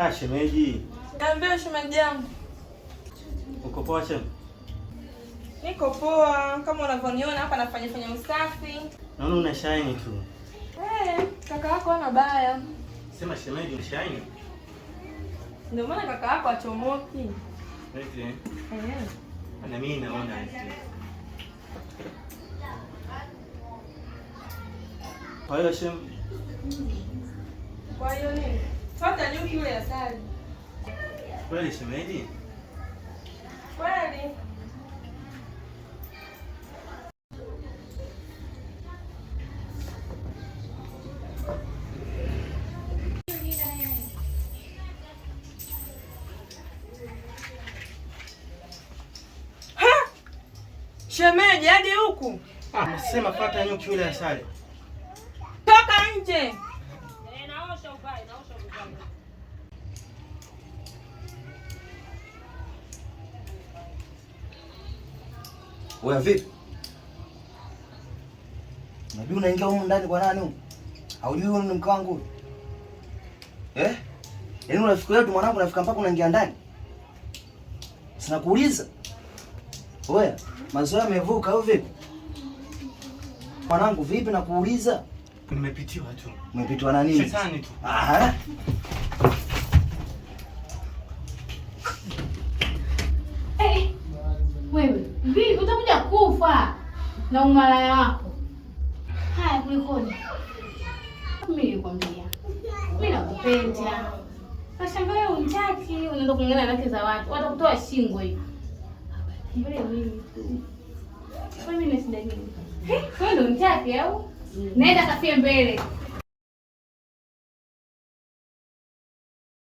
Ah, shemeji. Niambie shemeji yangu. Uko poa shem? Niko poa, kama unavyoniona hapa nafanya fanya usafi. Naona una shine tu. Eh, kaka yako ana baya. Sema shemeji una shine. Ndio maana kaka yako achomoki. Okay. Eh. Na mimi naona hivi. Kwa hiyo shem. Kwa hiyo nini? Fuata nyuki yule asali. Kweli shemeji? Kweli. Shemeji hadi huku. Ah, nasema fuata nyuki yule asali. Toka nje. Wewe vipi? Unajua unaingia huko ndani kwa nani huko? Haujui wewe ni mke wangu. Eh? Yaani unafikiri yetu mwanangu unafika mpaka unaingia ndani? Sina kuuliza. Wewe, mazoea yamevuka au vipi? Mwanangu vipi na kuuliza? Nimepitiwa tu. Umepitiwa na nini? Shetani tu. Aha. Eh? wewe, vipi utakuja kufa na umalaya wako? Haya kulikoni? Mimi nilikwambia. Mimi nakupenda. wewe unitaki, unaenda na za watu. Watakutoa shingo hiyo. mimi tu. wewe ndio unitaki au? Nenda kafie mbele.